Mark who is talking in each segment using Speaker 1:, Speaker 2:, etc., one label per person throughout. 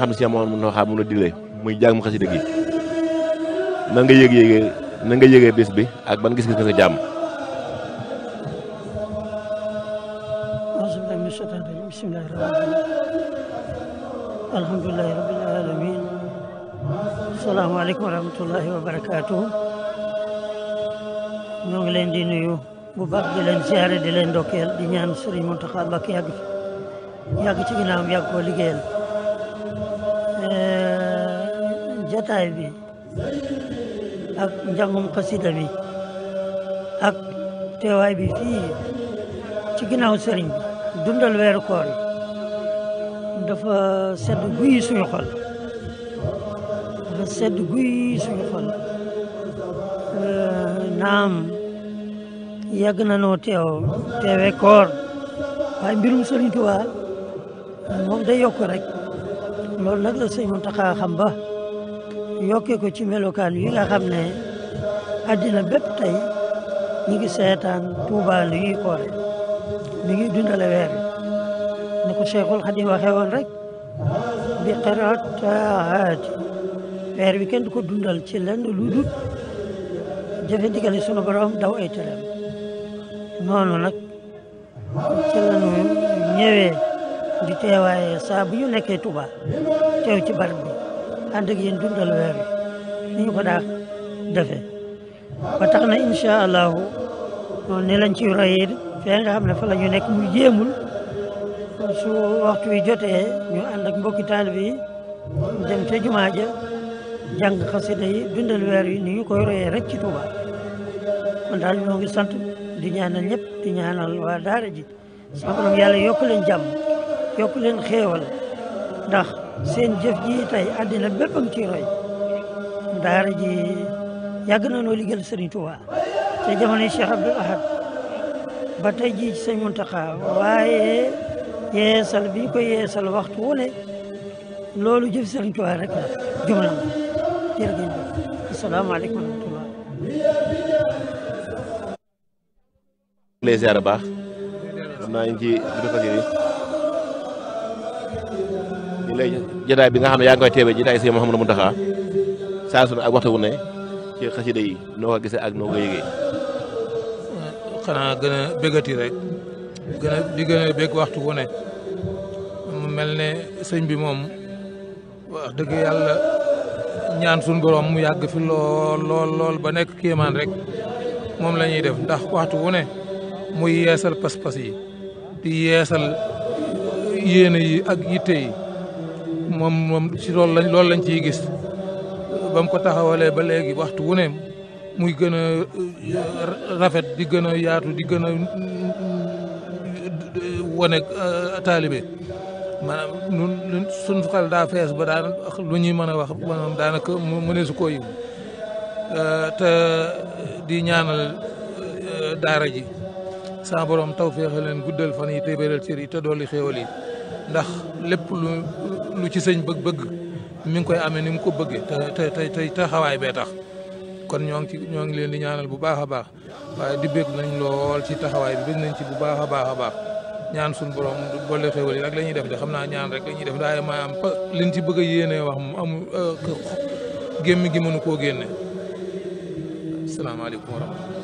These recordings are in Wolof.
Speaker 1: nga xam ne si amoon mun na waxaa mun a dilee muy jàng mu xasida gi nan nga yëg yëgee nan nga yëgee bés bi ak ban gis-gis nga sa jàmm
Speaker 2: rabbil alamin asalaamaaleykum wa rahmatullahi wa barakaatuh ñoo ngi leen di nuyu bu baax di leen siyaare di leen ndokkeel di ñaan Sëriñ Muntaxa Mbàkke yàgg yàgg ci ginnaawam yàgg koo liggéeyal jotaay bi ak njàngum xasida bi ak teewaay bi fii ci ginnaaw sëriñ bi dundal weeru koor yi dafa sedd guy suñu xol euh, naam yàgg na noo teew koor waaye mbirum sëriñ Tuubaa moom day yokk rek loolu la sëñ Muntaxa xam ba yokkee ko ci melokaan yi nga xam ne addina bépp tey ñu ngi seetaan Tuuba li ñuy koore mi ngi dundale weer ni ko Cheikhul Xadim waxee woon rek bi xiraat taahaat weer bi kenn du ko dundal ci lenn lu dul jëfe ndigali sunu borom daw ay tëram noonu nag ci lañu ñëwee di teewaaye saa bu ñu nekkee Tuuba teew ci barab bi ànd ak yéen dundal weer wi ni ñu ko daa defee ba tax na incha allahu ne lañ ci royee fee xam ne fa ñu nekk muy jéemul su waxtu wi jotee ñu ànd ak mbokki taalib yi dem ca jumaa ja jàng yi dundal weer wi ni ñu koy royee rek ci Tuuba kon daal ngi sant di ñaanal ñëpp di ñaanal waa daara ji sama borom yàlla yokk leen jàmm yokk leen xéewal ndax seen jëf ji tey àddina bépp a ngi ciy daara ji yàgg na noo liggéeyal Serigne Touba te jamono Cheikh Abdoul Ahad ba tey jii ci sëñ Mountakha waaye yeesal bi ko yeesal waxtu wu loolu jëf Serigne Touba rek la jumla ma jërëjëf asalaamaaleykum
Speaker 1: jotaay bi nga xam ne yaa ngi koy teewee jotaay si Mouhamadou Mountakha saa su ne waxtu wu ne ci xasida yi noo ko gisee ak noo ko yëgee.
Speaker 3: xanaa gën a rek di gën a waxtu wu ne mu mel ne sëñ bi moom wax dëgg yàlla ñaan suñu borom mu yàgg fi lool lool lool ba nekk kéemaan rek moom la def ndax waxtu wu ne muy yeesal pas-pas yi di yeesal yéene yi ak yitte moom moom si lool la loolu lañ ciy gis ba mu ko taxawalee ba léegi waxtu wu ne muy gën a uh, rafet di gën a yaatu di gën a uh, wane uh, taalibe maanaam nun nun suñu xel daa fees ba daan lu ñuy mën a wax maanaam daanaka mu ne su ko yiw te di ñaanal daara ji sa borom taw féexe leen guddal fan yi téebéeral cër yi te i xéewal yi ndax lépp lu ci sëñ bëgg bëgg mi ngi koy amee ni mu ko bëggee te te te te xawaay bee tax kon ñoo ngi ci ñoo ngi leen di ñaanal bu baax a baax waaye di bég nañ lool ci taxawaay bi bég nañ ci bu baax a baax a baax ñaan suñu borom boole xéwal yi rek la ñuy def de xam naa ñaan rek la ñuy def daaye ma am ñu ci bëgg a yéenee wax mu euh, gémmi gi mënu koo génne asalaamaaleykum wa rahmatulah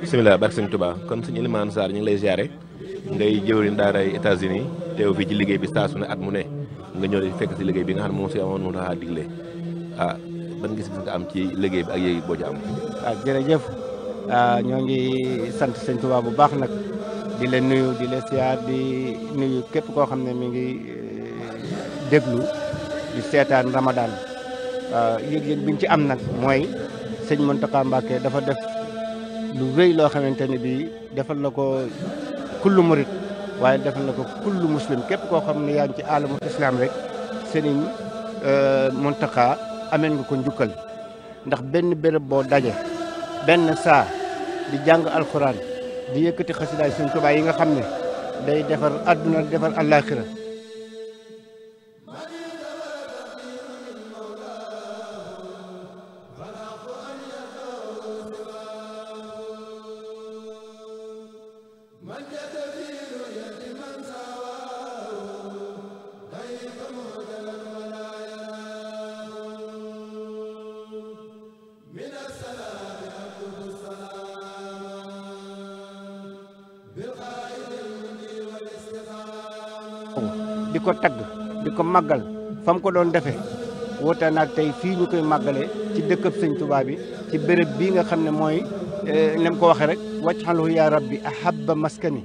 Speaker 1: bisimilah barke sëñ Touba kon sëñ Elimane Sarr ñu ngi lay ziare ngay jëwriñ ci liggéey bi saa su ne at mu ne nga ñëw di fekk si liggéey bi nga xam ne moom si amoon moom dafa digle ah am ci liggéey bi ak yéegi boo ci am.
Speaker 4: waaw ah, ah, ñoo ngi sant sëñ Touba bu baax nag di leen nuyu di leen siyaar di nuyu képp koo xam ne mi ngi eh, déglu di seetaan Ramadan ah, yëg-yëg bi ñu ci am nag mooy sëñ Mountakha Mbacké dafa def. lu rëy loo xamante ne bii defal na ko kullu murit waaye defal na ko kullu muslim képp koo xam ne yaa ngi ci alamu islam rek sëriñ euh, Mountakha ameen nga ko njukkal ndax benn béréb boo daje benn saa di jàng alxuraan di yëkkati xasidaay Sëriñ Tuubaa yi nga xam ne day defar àdduna defar àllaaxira di ko tagg di ko màggal fa ko doon defee woote naag tey fii ñu koy màggalee ci dëkkab sëñ Tuubaa bi ci béréb bii nga xam ne mooy eh, nem ko waxee rek wajxalhu yaa rabbi ahabba maskani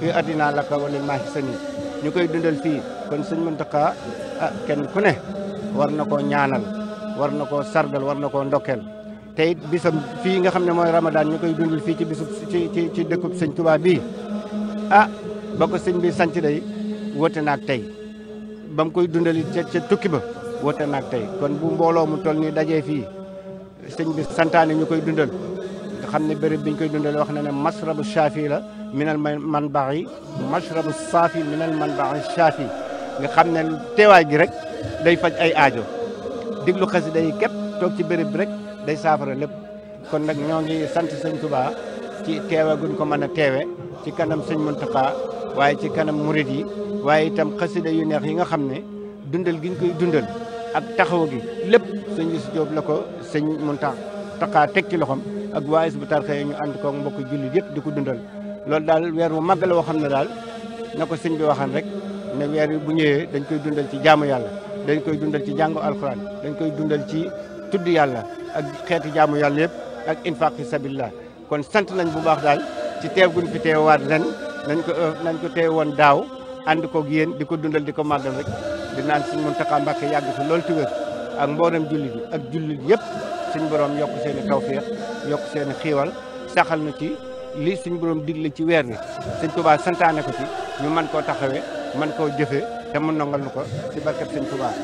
Speaker 4: fii addinaa laka wala maahisani ñu koy dundal fii kon sëñ Muntaxa ah kenn ku ne war na koo ñaanal war na koo sargal war na koo ndokkeel te it bisam fii nga xam ne mooy Ramadan ñu koy dundal fii ci bisub ci ci ci dëkkub sëñ Tuubaa bii ah ba ko sëñ bi sanc day woote naag tey bam koy dundali ca ca tukki ba woote nag tey kon bu mbooloo mu toll nii dajee fii sëñ bi santaane ñu koy dundal nga xam ne béréb biñ ñu koy dundal wax na ne masrabu shaafi la minal man baax yi masrabu saafi minal man baax shaafi nga xam ne teewaay gi rek day faj ay aajo diglu xasida yi képp toog ci béréb rek day saafara lépp kon nag ñoo ngi sant sëñ Tuubaa ci teewe guñ ko mën a teewe ci kanam sëñ Mountakha waaye ci kanam murit yi waaye itam xasida yu neex yi nga xam ne dundal giñ koy dundal ak taxaw gi lépp sëñ su Diop la ko sëñ mun Mountakha teg ci loxom ak waa Hizbut Tarqiyyah ñu ànd koog mbokk jullit yëpp di ko dundal lool daal weer wu màgg la woo xam ne daal na ko sëñ bi waxaan rek ne weer wi bu ñëwee dañ koy dundal ci jaamu yàlla dañ koy dundal ci jàngu alxuraan dañ koy dundal ci tudd yàlla ak xeetu jaamu yàlla yëpp ak infaq fi sabilillah kon sant nañ bu baax daal ci teew guñ fi teewaat ren nañ ko euh, nañ ko teew woon daaw ànd kook yéen di ko dundal di ko màggal rek di naan suñ Muntaxa Mbàkke yàgg fi loolu ti wér ak mboolem jullit ak jullit yëpp suñ borom yokk seen i tawféex yokk seen i xiiwal saxal na ci li suñ borom digle ci weer wi sëñ Tuubaa santaane ko ci ñu mën koo taxawee man koo jëfe te mu nongal nu ko si barkeb sëñ Tuubaa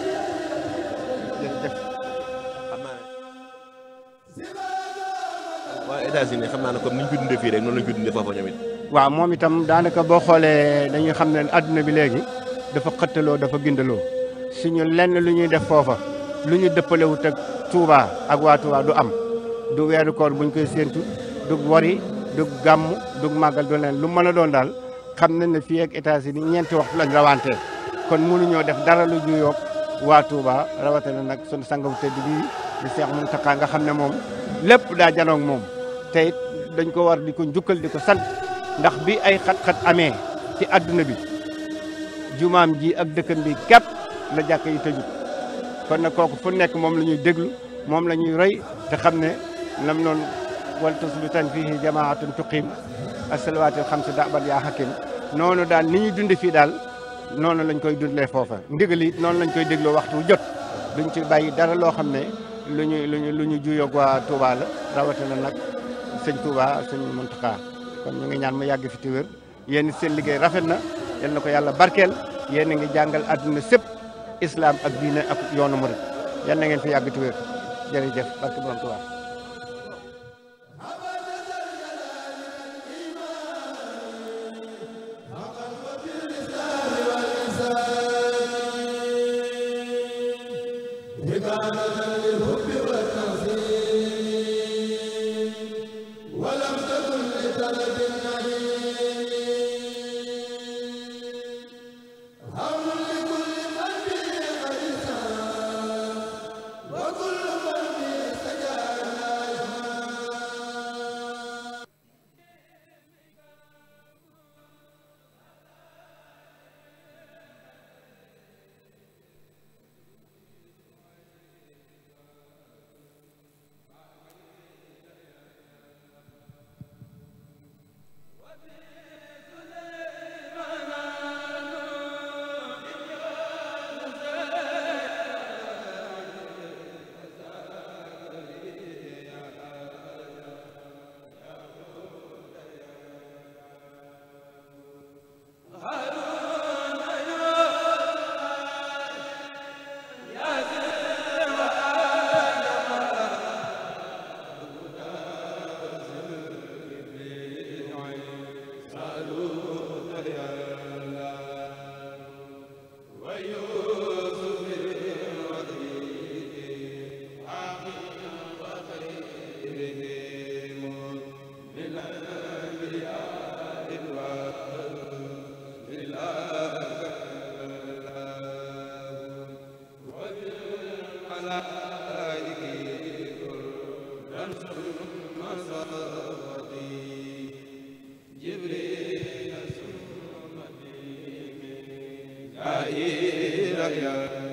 Speaker 4: États-Unis xam naa ne comme ni ñu ko dundee fii rek
Speaker 1: noonu la ñu foofa ñoom it.
Speaker 4: waaw moom itam daanaka boo xoolee dañuy xam ne adduna bi léegi dafa xëttaloo dafa gindaloo ñu lenn lu ñuy def foofa lu ñu dëppalewut ak Touba ak waa Touba du am du weeru koor buñ koy séentu du wari du gàmm du màggal du leen lu mën a doon daal xam nañ ne fii ak États-Unis ñeenti waxtu lañ rawantee kon ñoo def dara lu juyoog waa Touba rawatina nag sunu sangamu tëdd bii di Seex Muntaxa nga xam ne moom lépp daa janoog moom te dañ ko war di ko njukkal di ko sant ndax bi ay xat-xat amee ci àdduna bi jumaam ji ak dëkkam bi képp la jàkk yi tëju kon nag kooku fu nekk moom lañuy ñuy déglu moom la ñuy roy te xam ne nam noon lam noonu wal tasbitan fihi jamaatun tuqim asalawaatil xam si daabal yaa noonu daal ni ñuy dunde fii daal noonu lañ koy dundlee foofa ndigal it noonu lañ koy dégloo waxtu wu jot duñ ci bàyyi dara loo xam ne lu ñu lu ñu lu ñu juyoo waa nag sëñ Touba sëñ Mountakha kon ñu ngi ñaan mu yàgg fi te wér yéen seen liggéey rafet na yal na ko yàlla barkeel yéen a ngi jàngal àdduna sëpp islam ak diine ak yoonu murid yal na ngeen fi yàgg te wér jërëjëf barke Borom Touba
Speaker 5: la ilaha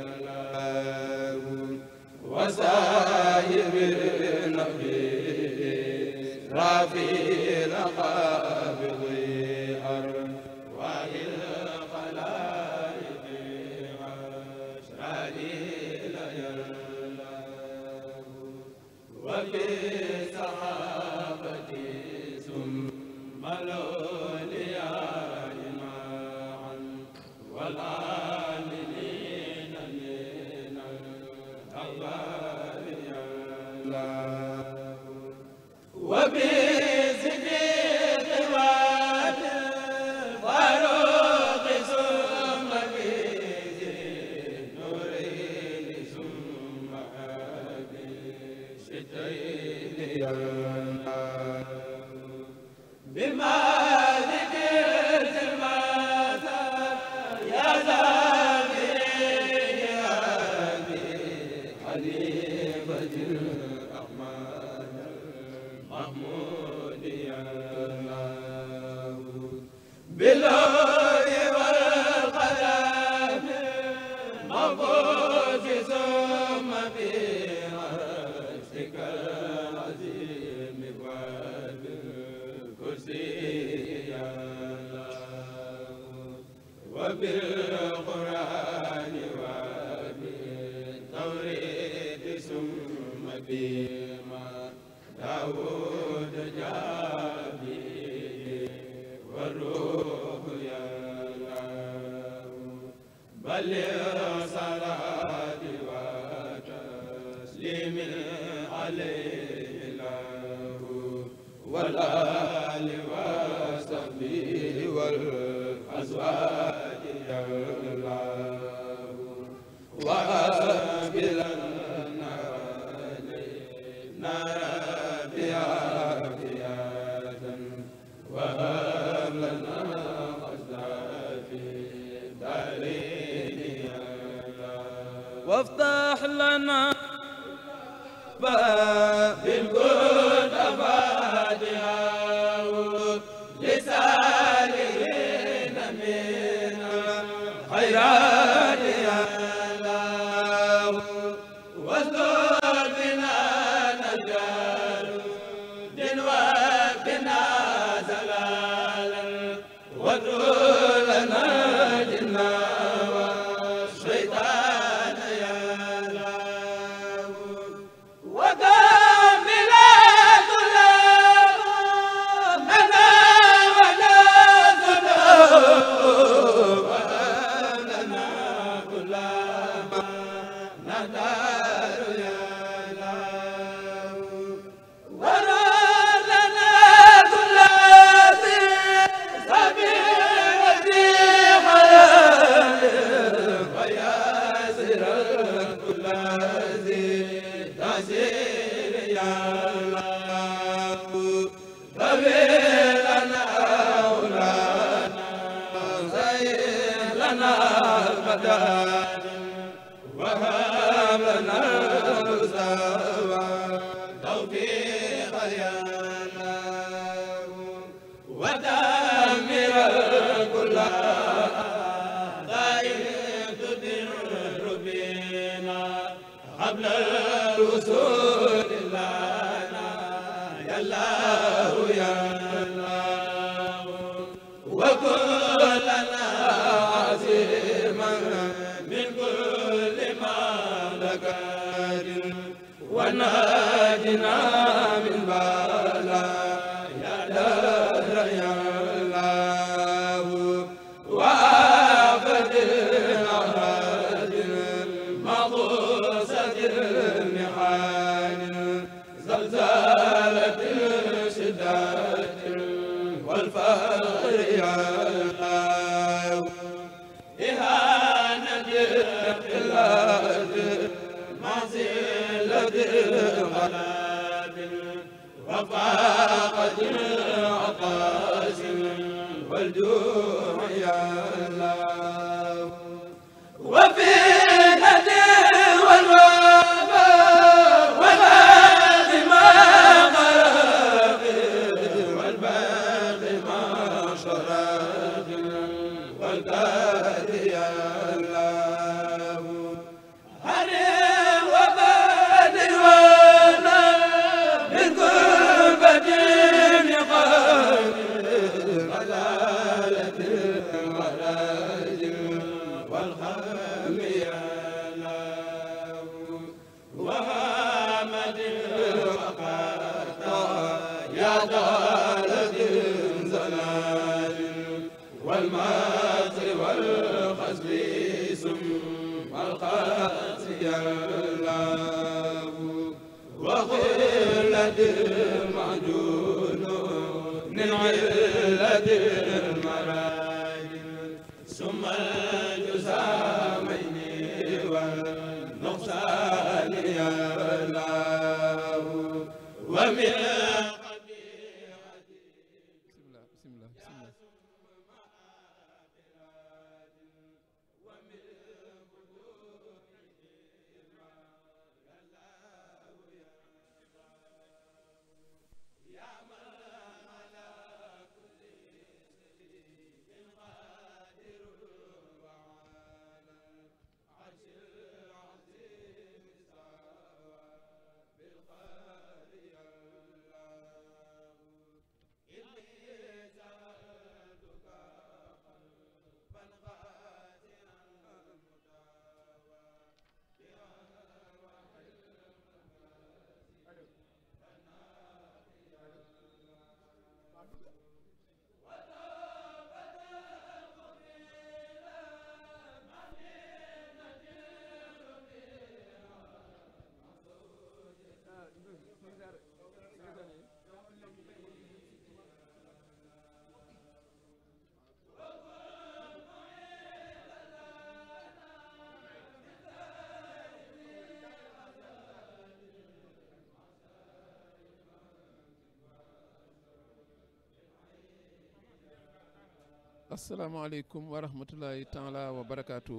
Speaker 1: asalaamaaleykum wa rahmatulahi taala wa barakaatu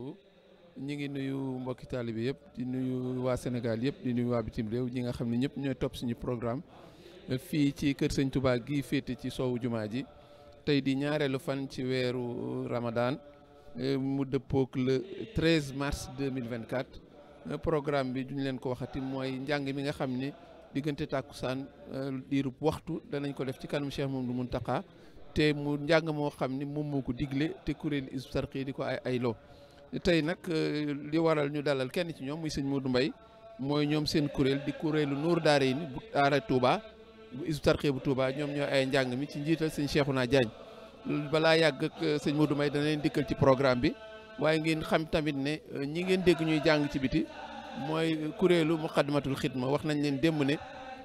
Speaker 1: ñi ngi nuyu mbokki taalibi yëpp di nuyu waa Sénégal yëpp di nuyu waa bitim réew ñi nga xam ne ñëpp ñooy topp suñu programme fii ci kër sañ Touba gii féete ci soowu jumaa ji tey di ñaareelu fan ci weeru Ramadan mu dëppook le 13 mars 2024 programme bi duñ leen ko waxati mooy njàng mi nga xam ni diggante tàkkusaan diirub waxtu danañ ko def ci moom Cheikh mun Mountakha te mu njàng moo xam ni moom moo ko digle te kuréel Hizbut Tarqiyyah di ko ay ay loo tey nag euh, li waral ñu dalal kenn ci ñoom muy sëñ du mbay mooy ñoom seen kuréel di kuréelu Nour Daarayni bu Daara Touba bu Hizbut Tarqiyyah bu Touba ñoom ñoo ay njàng mi ci njiital sëñ naa Diagne balaa yàgg ak euh, sëñ Modou Mbaye dana leen dikkal ci programme bi waaye ngeen xam tamit ne euh, ñi ngeen dégg ñuy jàng ci biti mooy kuréelu Muqaddamatul Xidma wax nañ leen démb ne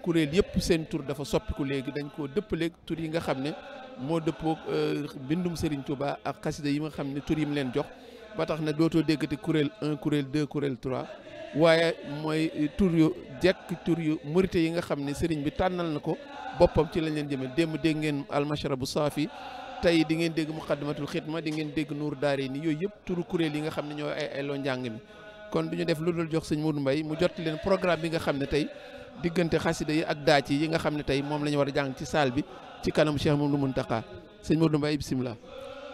Speaker 1: kuréel yëpp seen tur dafa soppiku léegi dañ koo dëppaleeg tur yi nga xam ne moo dëppoo euh, bindum Serigne Touba ak xasida yi nga xam ne tur yi mu leen jox ba tax na dootoo déggati kuréel 1 kuréel 2 kuréel 3 waaye mooy tur yu jekk tur yu murite yi nga xam ne Serigne bi tànnal na ko boppam ci lañ leen jëmee démb dégg ngeen almashrabu saafi tey di ngeen dégg muqaddamatul xidma di ngeen dégg nuur daari ni yooyu yëpp turu kuréel yi nga xam ne ñoo ay ay njàng mi du ñu def lu dul jox sëñ Modou mbay mu jot leen programme bi nga xam ne tey diggante xasida yi ak daaci yi nga xam ne tey moom la ñu war a jàng ci salle bi ci kanam Cheikh Mamadou Mountakha sëñ Modou Mbaye bisimilah.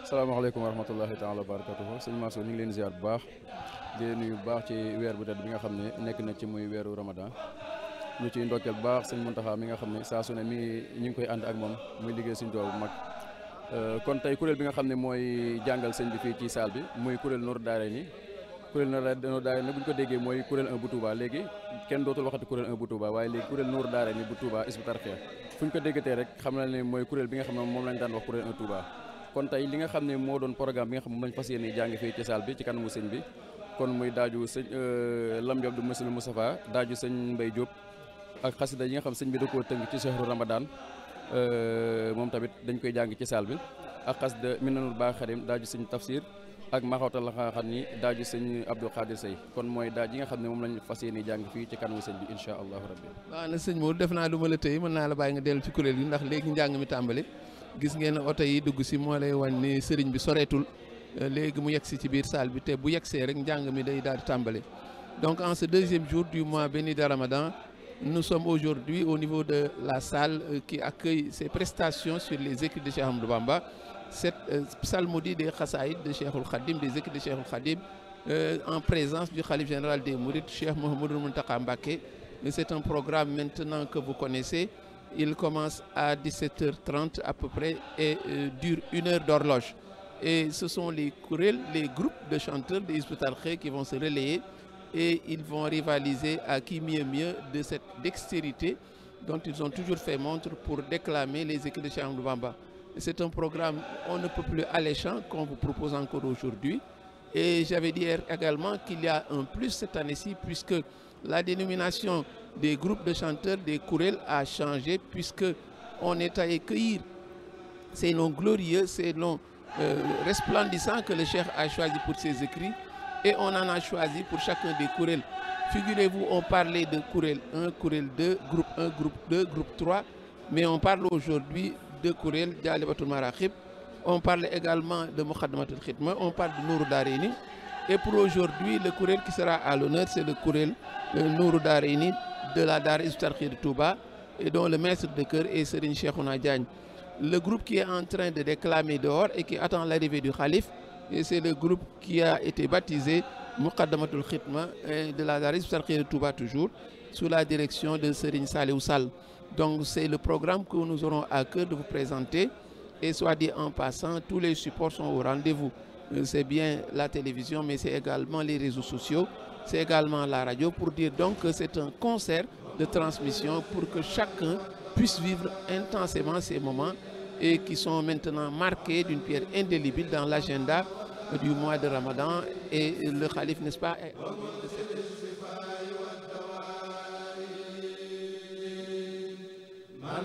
Speaker 6: salaamaaleykum wa rahmatullahi taala wa barakatuhu sëñ Masso ñu ngi leen ziar bu baax di nuyu baax ci weer bu tedd bi nga xam ne nekk na ci muy weeru Ramadan ñu ciy ndokkeel bu baax sëñ Mountakha mi nga xam ne saa su ne mi ñu ngi koy ànd ak moom muy liggéey sëñ Tuubaa bu mag. Euh, kon tey kuréel bi nga xam ne mooy jàngal sëñ bi fii ci saal bi muy kuréel Noor Daara ni kuréel Noor Daara ni bu ñu ko déggee mooy kuréel 1 bu Touba léegi kenn dootul waxati kuréel 1 bu Touba waaye léegi kuréel Noor Daara ni fu ñu ko déggatee rek xam na ne mooy kuréel bi nga xam ne moom lañ daan wax kuréel 1 Touba kon tey li nga xam ne moo doon programme bi nga xam ne moom lañ fas yéene jàng fii ci saal bi ci kanamu sëñ bi kon muy daaju sëñ euh, Lam Diop du Moussa Moustapha daaju sëñ Mbaye Diop ak xasida yi nga xam sëñ bi da koo tënk ci chahru Ramadan euh, moom tamit dañ koy jàng ci saal bi ak xasida Minanul Baax Xadim daaju sëñ tafsir ak maxawta la nga xam ni daaju sëñ Abdou Khadir Seye kon mooy daaj yi nga xam ne moom lañ fas yéene jàng fii ci kanamu sëñ bi incha allahu rabbi
Speaker 1: waaw na sëñ Modou def naa lu ma la tey mën naa la bàyyi nga dellu ci kuréel yi ndax léegi njàng mi tàmbali gis ngeen oto yi dugg si moo lay wan ni sëriñ bi soreetul euh, léegi mu yegg si ci biir salle bi te bu yeggsee rek njàng mi day daal di tàmbali donc en ce deuxième jour du mois béni de Ramadan nous sommes aujourd'hui au niveau de la salle euh, qui accueille ces prestations sur les écrits de cette euh, psalmodie des de Cheikhul Khadim, des écrits de Cheikhul euh, en présence du Khalif général des Mourides, Cheikh Mohamed Muntaka Mbake. C'est un programme maintenant que vous connaissez. Il commence à 17h30 à peu près et euh, dure une heure d'horloge. Et ce les courels, les groupes de chanteurs des Isbutarkhé qui vont se relayer et à qui mieux mieux de cette dextérité dont ils ont toujours fait montre pour déclamer les écrits de Cheikh C'est un programme, on ne peut plus alléchant qu'on vous propose encore aujourd'hui. Et j'avais dit également qu'il y a un plus cette année-ci, puisque la dénomination des groupes de chanteurs des Kourels a changé, puisque on est à accueillir ces noms glorieux, ces noms euh, resplendissants que le chef a choisi pour ses écrits. Et on en a choisi pour chacun des Kourels. Figurez-vous, on parlait de Kourel un Kourel 2, groupe 1, groupe 2, groupe 3, mais on parle de kuréel jaalibatul maraqib on parle également de Moukhaddamatoul Khidma on parle de Nourou Darayni et pour aujourd'hui le kuréel qui sera à l'honneur c'est le kuréel euh, Nourou Darayni de la Daara Hizbut Tarqiyyah Touba et dont le maître de chœur est Serigne Cheikhouna Diagne le groupe qui est en train de déclamer dehors et qui attend l'arrivée du khalife et c'est le groupe qui a été baptisé Moukhaddamatoul Khidma euh, de la Daara Hizbut Tarqiyyah de Touba toujours sous la direction de Serigne Saliou Sall Donc c'est le programme que nous aurons à cœur de vous présenter. Et soit dit en passant, tous les supports sont au rendez-vous. Euh, c'est bien la télévision, mais c'est également les réseaux sociaux, c'est également la radio, pour dire donc que c'est un concert de transmission pour que chacun puisse vivre intensément ces moments et qui sont maintenant marqués d'une pierre indélébile dans l'agenda du mois de Ramadan et le calife, n'est-ce pas,
Speaker 7: man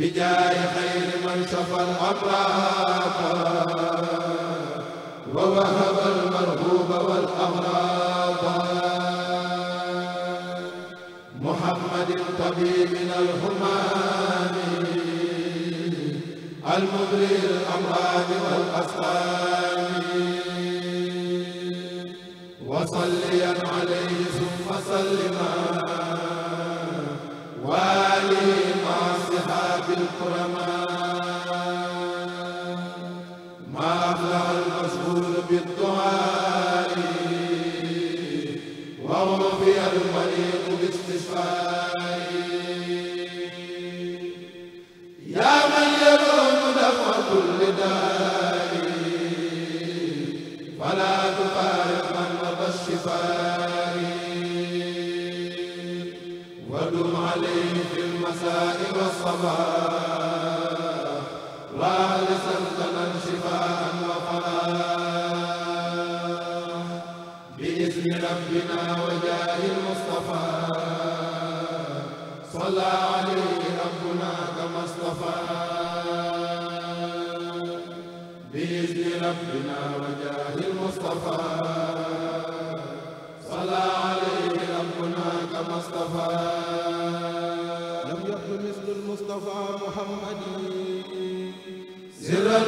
Speaker 7: بجاه خير من شفى الأمراض ووهب المرهوب والأغراض محمد طبيبنا الهمام المبري الأمراض والأسلام وصليا عليه ثم سلما وآله أصحاب الكرماء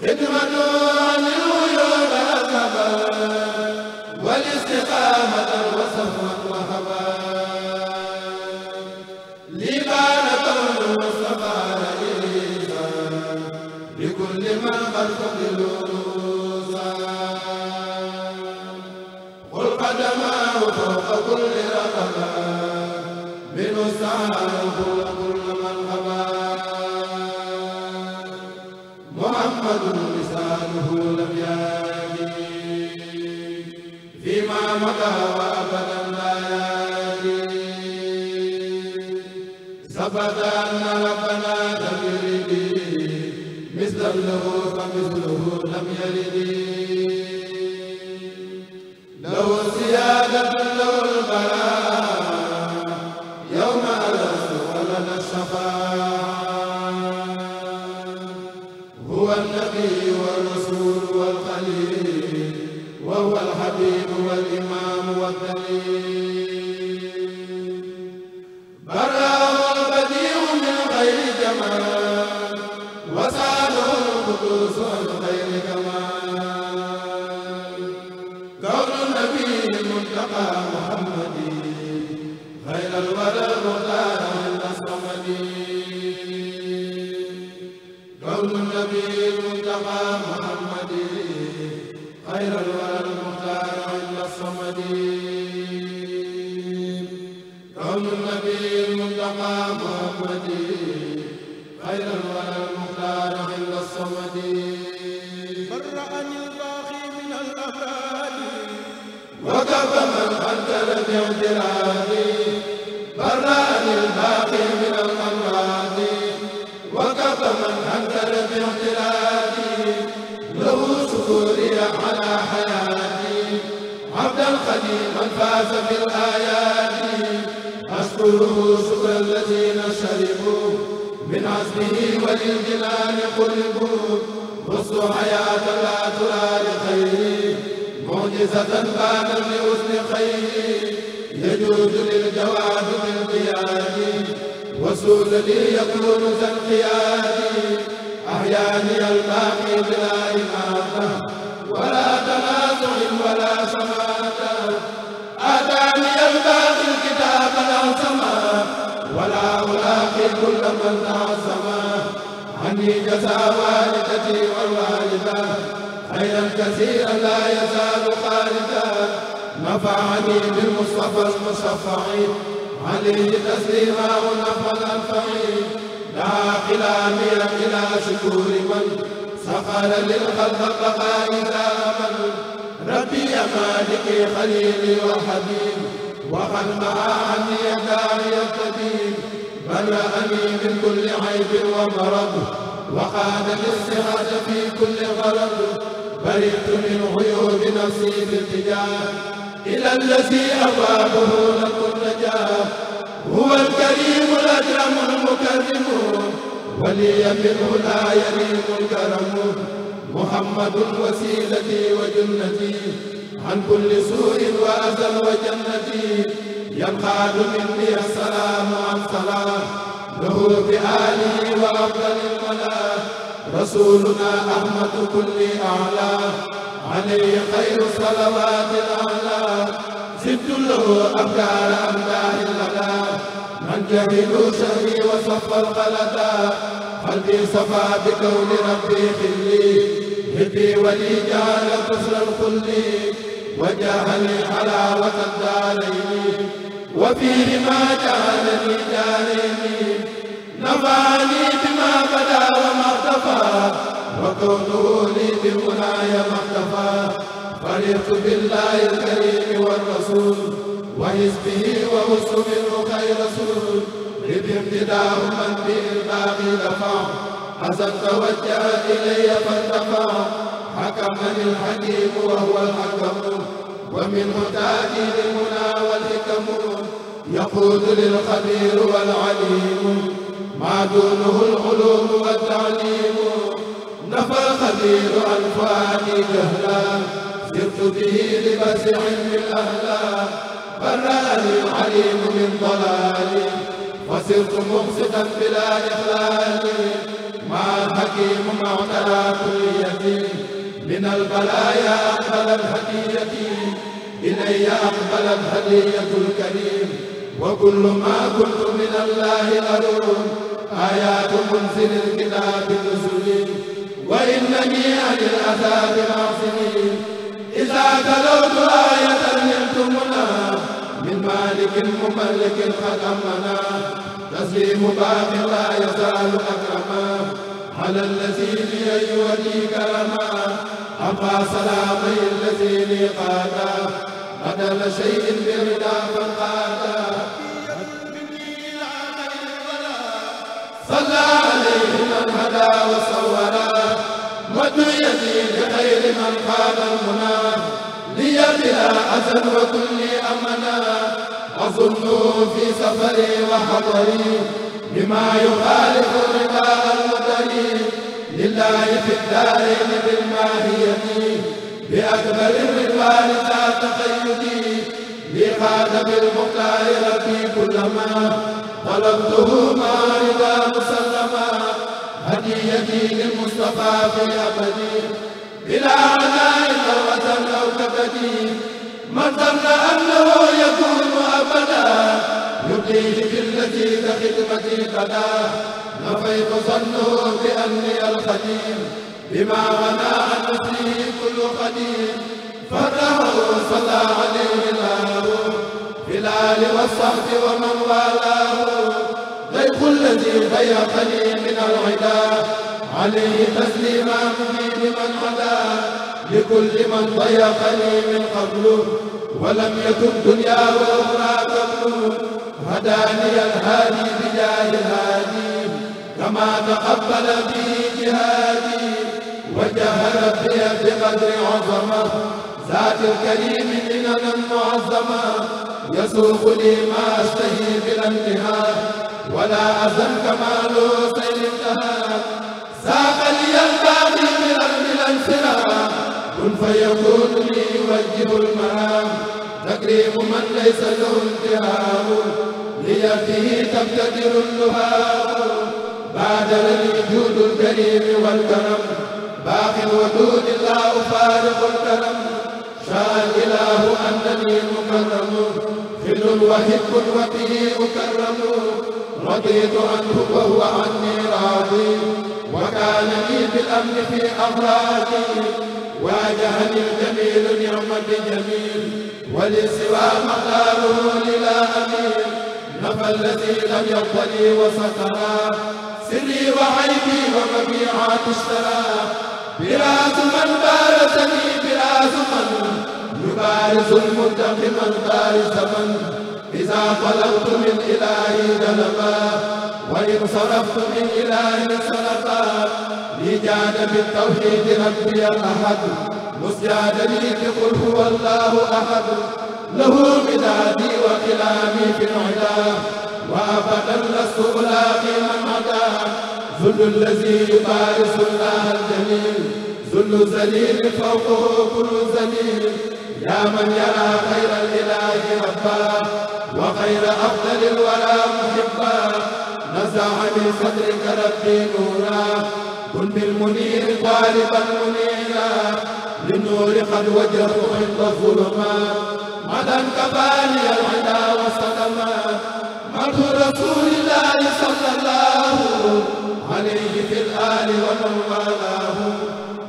Speaker 7: خدمة للعيون الكبار والاستقامة أبدا أن ربنا شكور من سخر للخلق بقائدا أمل ربي يا مالكي خليلي وحبيبي وقد معا عني داعي الطبيب بلأني من كل عيب ومرض وقاد للصحة في كل غرض برئت من عيوب نفسي بالتجاه إلى الذي أبابه لكل نجاه هو الكريم الأكرم المكرم ولي منه لا يليق الكرم محمد وسيلتي وجنتي عن كل سوء وأذى وجنتي ينقاد مني السلام عن سلام له بآله وأفضل الملا رسولنا أحمد كل أعلى عليه خير الصلوات الأعلى زدت له أفكار أمداه لنا الجهل سري وصف الخلدا قلبي صفى بكون ربي خلي هبي ولي جعل قصر الخل وجعلني على وقد عليني وفيه ما جعلني جعلني نفعني بما بدا وما اختفى وكونه لي بمنايا ما اختفى فرحت بالله الكريم والرسول وحزبه وأستمر خير سرور بامتداء من بالباقي دفع حسن توجه إلي فانتفع حكم الحكيم وهو الحكم ومنه تأتي المنى والحكم يقود للخبير والعليم ما دونه العلوم والتعليم نفى الخبير أنفاني جهلا سرت به لبس علم الأهلا برأني العليم من ضلالي وصرت مبسطا بلا إخلال مع الحكيم معتلى كليتي من البلايا أقبلت هديتي إلي أقبلت هدية الكريم وكل ما كنت من الله أروم آيات منزل الكتاب نزلي وإنني عن الأذى بمعصمي إذا تلوت آية نلت منام مالك المملك قد أمنا تسليم باق لا يزال أكرما على الذي لي يولي كرما أبقى سلامي الذي لي قادا بدل شيء برضا فقادا صلى عليه من هدى وصورا مد يدي لخير من قاد المنى لي بلا أزل وكل أمنا أظن في سفري وحضري بما يخالف الرضا المدري لله في الدارين بالماهية بأكبر الرضوان لا تقيدي لي قاد بالمختار ربي كلما طلبته ما رضا مسلما هديتي للمصطفى في أبدي بلا عداء ذروة أو كبدي من ظن أنه يكون أبدا يبديه بالتي كخدمتي قدا نفيت ظنه بأني القديم بما غنى عن نفسه كل قديم فله صلى عليه الله بالآل والصحب ومن والاه ضيق الذي ضيقني من العدا عليه تسليما مني لمن عداه لكل من ضيقني من قبله ولم يكن دنيا وأخرى قبله هداني الهادي بجاه الهادي كما تقبل به جهادي وجه ربي بقدر عظمه ذات الكريم إننا معظمة يسوق لي ما أشتهي بلا انتهاء ولا أزن كمال سير انتهى ساق لي الباقي بلا انفراد فيكون لي وجه المنام تكريم من ليس له التهام ليده تبتدر اللهام بعد الوجود الكريم والكرم باق ودود لا أفارق الكرم شاء الإله أنني مكرم خل وحب وفيه أكرم رضيت عنه وهو عني راضي وكان لي بالأمن في أمراضي وجهل الجميل نعمة الجميل ولسوى مقاله للا أمين نفى الذي لم يرضني وسطرا سري وعيبي ومبيعات اشترى
Speaker 8: براس من بارزني براس من
Speaker 7: يبارز المنتقم البارز من إذا طلبت من إلهي جلبا وإن صرفت من إلهي صرفا في جانب التوحيد ربي الأحد مسجادا لي قل هو الله أحد له مدادي وكلامي في العدا وأبدا لست ألاقي من عدا ذل الذي يبارز الله الجليل ذل ذليل فوقه كل ذليل يا من يرى خير الإله ربا وخير أفضل الورى محبا نزع من صدرك ربي نورا كن بالمنير طالبا منيرا للنور قد وجهت عند الظلمات مدى كفاني الهدى وسلما مرض رسول الله صلى الله عليه في الآل ومن والاه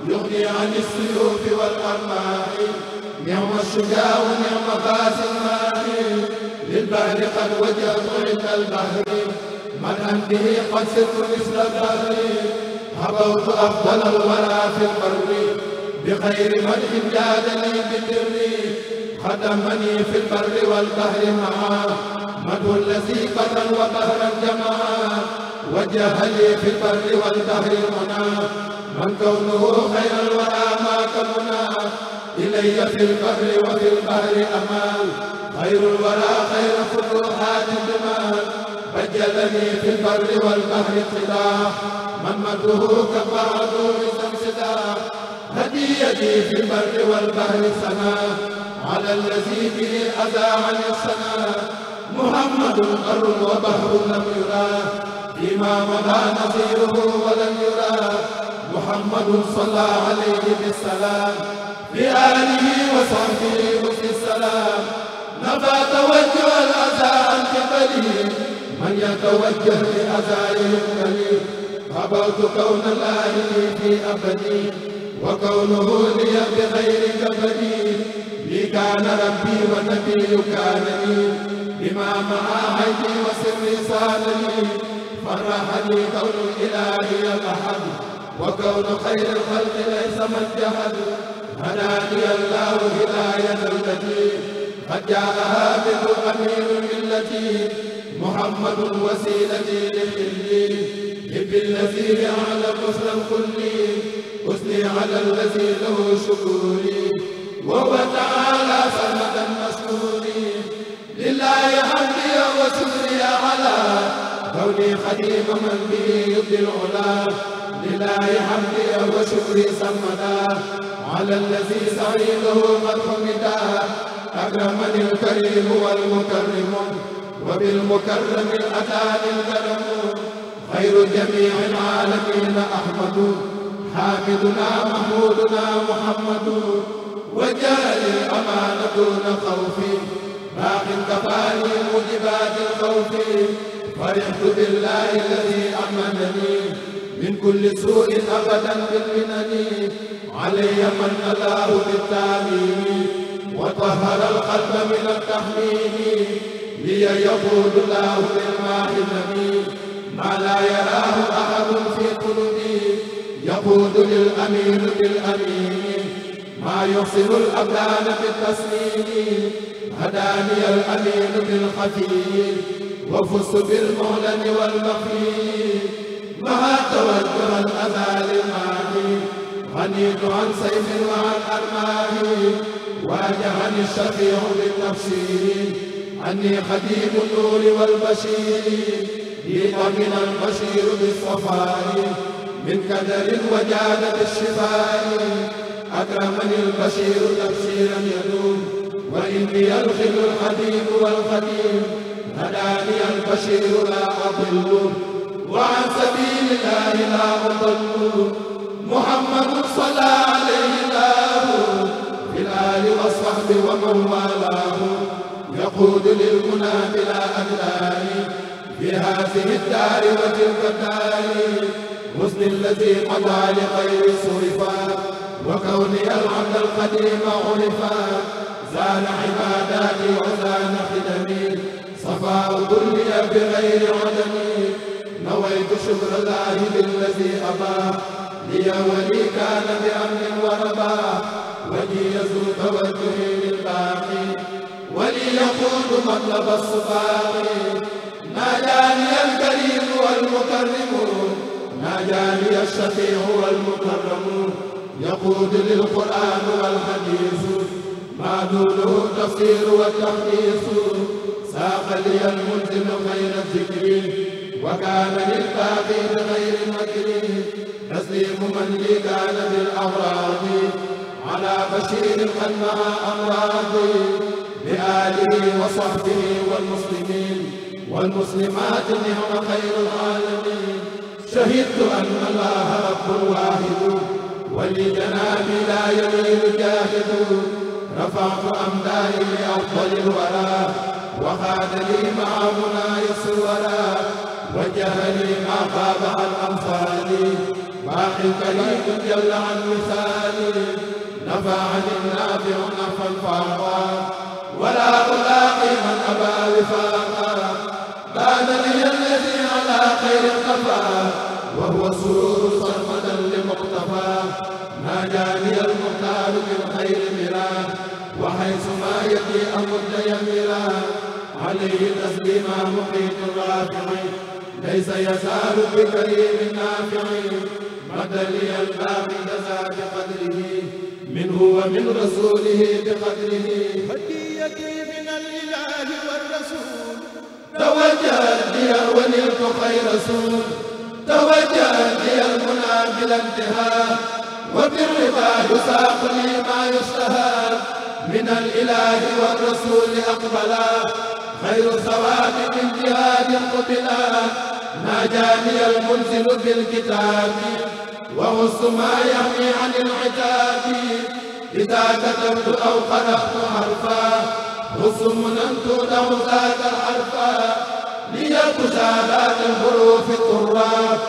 Speaker 7: يغني عن السيوف والأرماح نعم الشجاع ونعم غازي الماهي للبحر قد وجهت عند البحر من عنده قد سر مثل البحر حبوت أفضل الورى في البر بخير مدح جاد لي بسري خدمني في البر والبحر معا مدح الذي برا وبهرا جمعا وجه لي في البر والبحر منا من كونه خير الورى ما كمنا إلي في البحر وفي البحر أمال خير الورى خير فتوحات الجمال بجلني في البر والبحر خلاف من مده كبعد من سدا هديتي في البر والبحر سنا على الذي به أذى عن السنا محمد أرض وبحر لم يرى فيما مضى نظيره ولم يرى محمد صلى عليه بالسلام بآله وصحبه في السلام نفى توجه الأذى عن قبله من يتوجه لأذائه الكريم أبوت كون الآله في أبدي وكونه لي بغيرك بديل لي كان ربي ونبي كانني بما مع عيني وسري صالني فرحني كون الإله الأحد وكون خير الخلق ليس من جهل هداني الله هداية التي قد جاءها منه أمير ملتي محمد وسيلتي لخلي بالذي على حسن الخلق حسني على الذي له شكوري وهو تعالى صمدا مسكوني لله حمدي وشكري على كوني خديم من به يبدي العلا لله حمدي وشكري صمدا على الذي سعيده قد حمدا أكرمني الكريم والمكرم وبالمكرم أتاني الكرم خير جميع العالمين أحمد حامدنا محمودنا محمد وجال الأمان دون خوف باق الكفاني موجبات الخوف فرحت بالله الذي أمنني من كل سوء أبدا بالمنن علي من الله بالتامين وطهر القلب من التحميم لي يقود الله بالماحنمين ما لا يراه أحد في قلوبه يقود للأمين بالأمين ما يحسن الأبدان بالتسليم هداني الأمين بالخفي وفزت بالمعلن والمخفي مها توجه الأذى للماهي غنيت عن سيف وعن أرماه واجهني الشفيع بالتفسير عني خديم النور والبشير ليق من البشير بالصفاء من كدر وجاد بالشفاء أكرمني البشير تبشيرا يدوم وإني الخل القديم والقديم هداني البشير لا أضل وعن سبيل الله لا أضل محمد صلى عليه الله في الآل والصحب ومن والاه يقود للمنى بلا أداء هذه الدار وتلك الدار حسن الذي قضى لغير صرفا وكوني العبد القديم عرفا زال عباداتي وزال خدمي صفاء ذلي بغير عدمي نويت شكر الله للذي أبى لي ولي كان بأمن وربا ولي يزول توجهي للباقي ولي يقود مطلب الصفاقي الجاني الشفيع والمكرم يقود للقرآن والحديث ما دونه التفسير والتحديث ساق لي الملزم خير الذكر وكان للباقي بغير مكر تسليم من لي كان بالأغراض على بشير قد مع أمراض بآله وصحبه والمسلمين والمسلمات نعم خير العالمين شهدت أن الله رب واحد ولجنابي لا يميل جاهد رفعت أمدادي لأفضل الورى وخاد لي مع مناي الصورى وجهني ما غاب عن أمثالي باقي كريم جل عن مثالي نفعني النافع نفعا فاقا ولا ألاقي من أبى وفاقا بان لي على خير الخفا وهو سرور صرمدا لمقتفى ناجاني المختار من خير مراه وحيثما يقي أمد يميرا عليه تسليما محيط الرافع ليس يزال بكريم نافع مدى لي الباقي جزا بقدره منه ومن رسوله بقدره
Speaker 8: هديتي من الإله والرسول توجهت بها
Speaker 7: ونلت خير سور توجهت بها المنى بلا انتهاء وبالرضا يساق لي ما يشتهى من الاله والرسول اقبلا خير ثواب من جهاد قبلا ناجاني المنزل بالكتاب وغص ما يحمي عن العتاب إذا كتبت أو قرأت حرفا وسمنا دون مزاد الألفاظ ليركز آلات الحروف التراب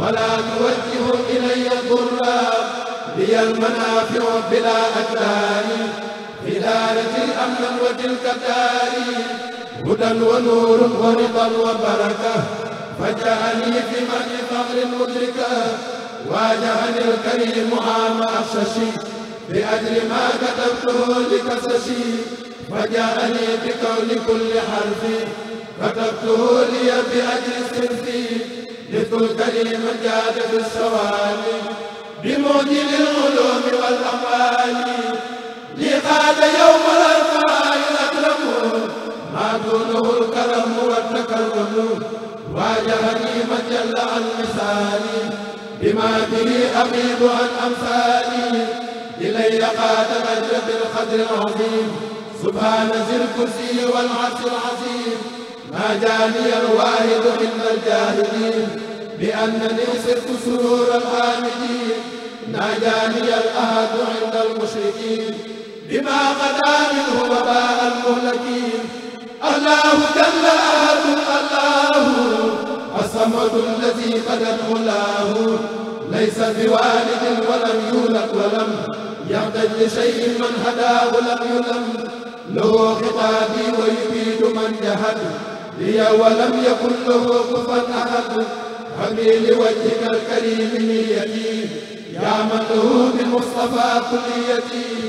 Speaker 7: ولا نوجه إلي الضراب لي المنافع بلا أكدار في دارة الأمن وتلك الدار هدى ونور ورضا وبركة فجعلني في من فقر مدركة واجهني الكريم عام أخششي بأجر ما كتبته لكسشي وجاءني بكون كل حرف كتبته لي بأجل سرتي لكل كريم جاد في السوال بموجب العلوم والأقوال لي قال يوم الأربعاء الأكرم ما دونه الكرم والتكرم واجهني من جل عن مثالي بما به أبيض عن أمثالي إلي قاد أجر بالقدر العظيم سبحان ذي الكرسي والعرش العظيم ما جاني الواحد عند الجاهلين بأنني صرت سرور الآمدين ناجاني الأحد عند المشركين بما غدا منه وباء المهلكين الله جل أحد الله الصمد الذي قد الله ليس بوالد ولم يولد ولم يعتد لشيء من هداه لم يلم له خطابي ويفيد من جهد لي ولم يكن له كفا أحد همي لوجهك الكريم نيتي يا من له بالمصطفى كليتي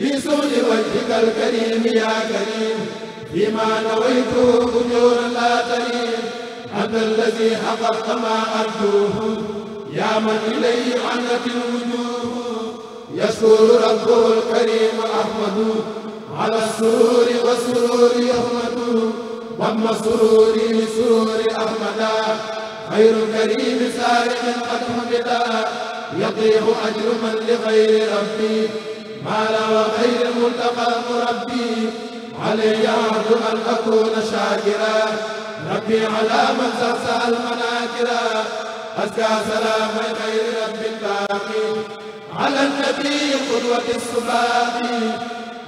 Speaker 7: لسود وجهك الكريم يا كريم بما نويته أجورا لا تريم أنت الذي حققت ما أرجوه يا من إليه عنت الوجوه يسكر ربه الكريم أحمده على السرور والسرور يهمته وأما سروري سرور أحمدا خير كريم سالم قد حمدا يطيح أجر من لغير ربي ما لا وغير الملتقى مربي علي عهد أن أكون شاكرا ربي على من زرزع المناكرا أزكى سلام خير رب الباقي على النبي قدوة السباقي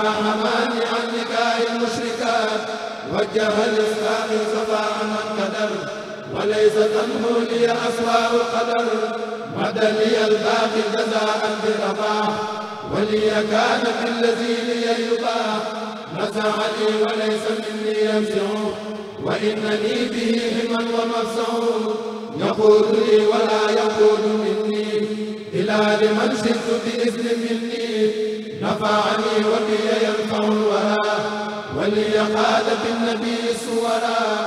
Speaker 7: أما حماني عن نكاح المشركات وجه الإسلام صفاء من قدر وليس تنهو لي أسواء القدر مدى لي الباقي جزاء برضاه ولي كان الذي لي يباح نزع لي وليس مني ينزعه وإنني به همل ومفزع يقول لي ولا يقول مني إلى لمن شئت بإذن مني نفعني وبي ينفع الورى ولي قاد بالنبي صورا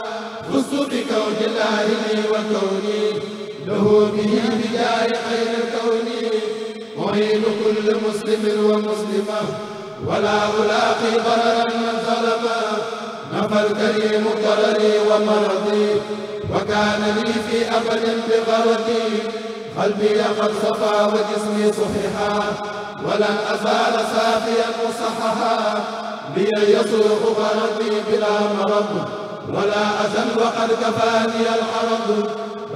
Speaker 7: فزت بكون الله لي وكوني له به بجاه خير الكون أعين كل مسلم ومسلمة ولا ألاقي ضررا من ظلما نفى الكريم ضرري ومرضي وكان لي في أبد بغرضي قلبي قد صفى وجسمي صححا ولن أزال ساقيا مصححا بي يصرخ فربي بلا مرض ولا أزل وقد كفاني العرض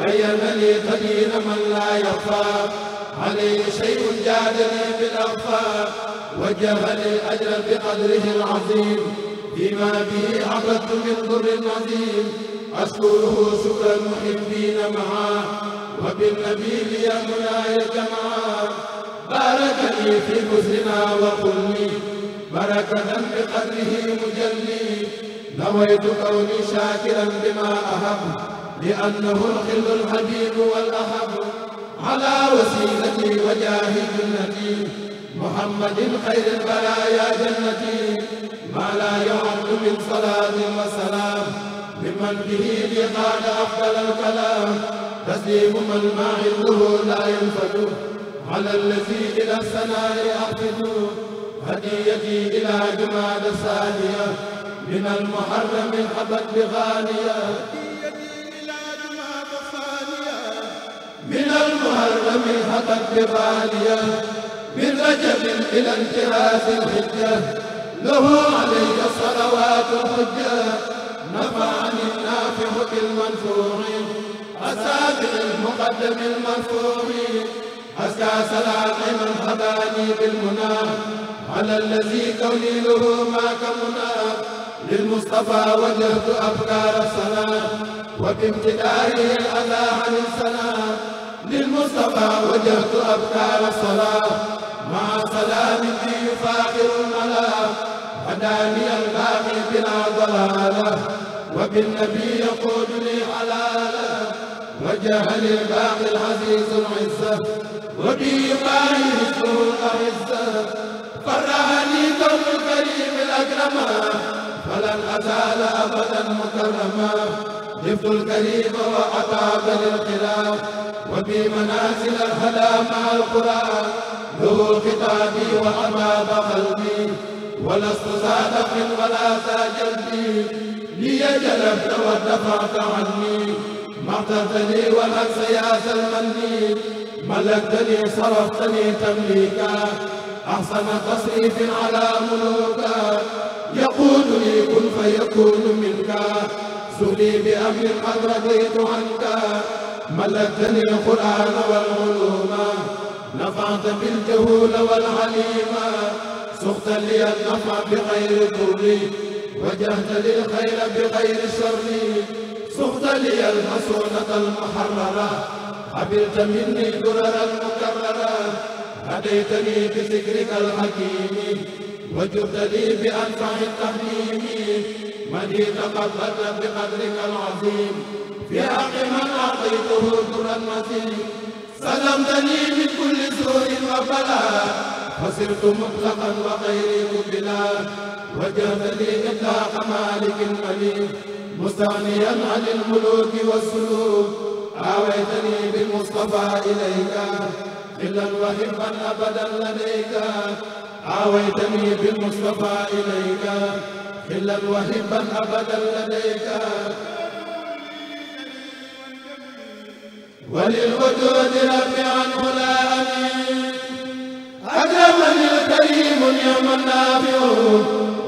Speaker 7: بين لي قدير من لا يخفى عليه شيء جادني بالأخفى وجه لي أجرا بقدره العظيم بما به عبدت من ضر عظيم أشكره شكر المحبين معاه وبالنبي لي منايا جمعا بارك لي في بسرنا وقلني بركة بقدره مجلي نويت كوني شاكرا بما أهب لأنه الخل الحبيب والأحب على وسيلتي وجاه جنتي محمد خير البرايا جنتي ما لا يعد من صلاة وسلام من به لي قال أفضل الكلام تسليم من ما عنده لا ينفد على الذي إلى الثناء أقفد هديتي إلى جماد الثانية من المحرم الحبت بغالية من المحرم الحبت بغالية من رجب إلى انتهاز الحجة له علي الصلوات الحجة نفعني النافع بالمنفوع أساتذ المقدم المرفوع أزكى سلام من هداني بالمنى على الذي كوني له ما كمنى للمصطفى وجهت أبكار السنة وبامتداره الأذى عن السنة للمصطفى وجهت
Speaker 4: أبكار الصلاة
Speaker 7: مع سلام يفاخر الملا هداني الباقي بلا ضلالة وبالنبي يقودني حلالا وجه لي باقي العزيز العزة وبي باقي اسمه الأعزة فرحني كون الكريم الأكرم فلن أزال أبدا مكرما جبت الكريم وأتعب للخلاف وفي منازل الهدى مع القرآن له خطابي وأمام قلبي ولست زاد ولا زاد جلبي لي جلبت ودفعت عني ما اخترتني والعكس يا سلمني ملكتني صرفتني تمليكا أحسن تصريف على ملوكا يقودني كن فيكون منك سلي بأمر قد رضيت عنك ملكتني القرآن والعلوم نفعت بالجهول والعليم سخت لي النفع بغير ضر وجهت للخير بغير شر سخت لي المسونة المحررة قبلت مني درر المكررة هديتني بذكرك الحكيم وجبت لي بأنفع التحليم مديت قبلت بقدرك العظيم في حق من أعطيته درا مثيل سلمتني من كل سوء وبلاء فصرت مطلقا وغيري مبلا وجهل إطلاق مالك أليم مستغنيا عن الملوك والسلوك آويتني بالمصطفى إليك غلا وحبا أبدا لديك آويتني بالمصطفى إليك غلا وحبا أبدا لديك
Speaker 8: وللوجود
Speaker 7: رب عنه لا أمين
Speaker 8: أكرمني الكريم يوم النافع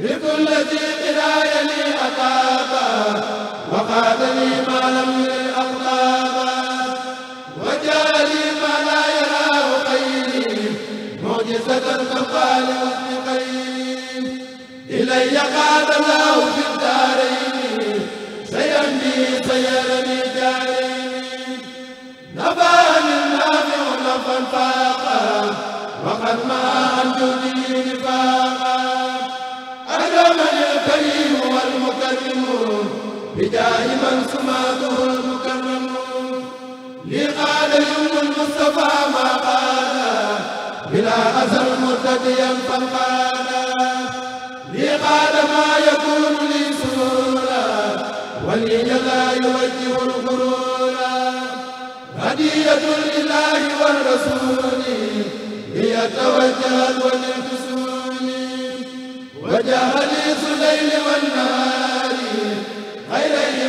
Speaker 7: لكل ذي
Speaker 8: قراية لي أطابا
Speaker 7: وقاتني ما لم يري أطابا وجالي ما لا يراه غيري معجزة كالخالق والتقيم إلي قاد الله في
Speaker 8: الدارين
Speaker 7: سيمني
Speaker 8: سيرني جارين نفاني النافع نفا فاقا وقد ما عن جودي نفاقا
Speaker 7: بجاه من سماته المكرم
Speaker 8: لي قال يوم المصطفى ما قال بلا أزل مرتديا فانقال لي قال
Speaker 7: ما يكون لي سرورا ولي لا يوجه الغرورا هدية لله والرسول
Speaker 8: هي توجهت وللكسول وجه لي سليل والنهار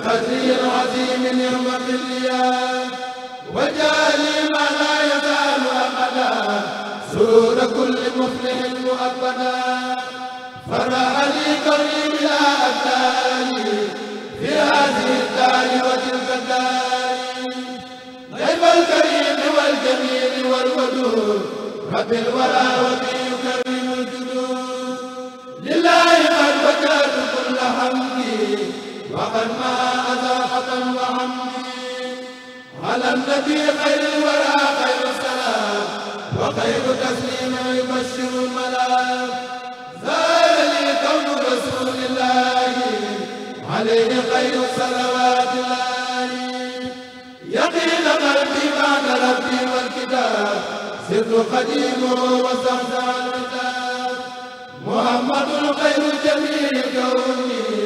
Speaker 7: بقدر عظيم ينبغي اليا وجالي ما لا
Speaker 8: يزال أبدا سرور كل مفلح مؤبدا فرح لي كريم لا أبداني في هذه الدار وتلك الدار غيب الكريم
Speaker 7: والجميل والودود رب الورى وبي يكرم
Speaker 8: وقد ما أزاحة وحمدي على النبي خير الورى خير السلام وخير تسليم يبشر الملام زال لي كون رسول الله عليه خير صلوات الله يقين قلبي بعد ربي
Speaker 7: والكتاب سر قديمه وسهل الكتاب محمد خير جميع كوني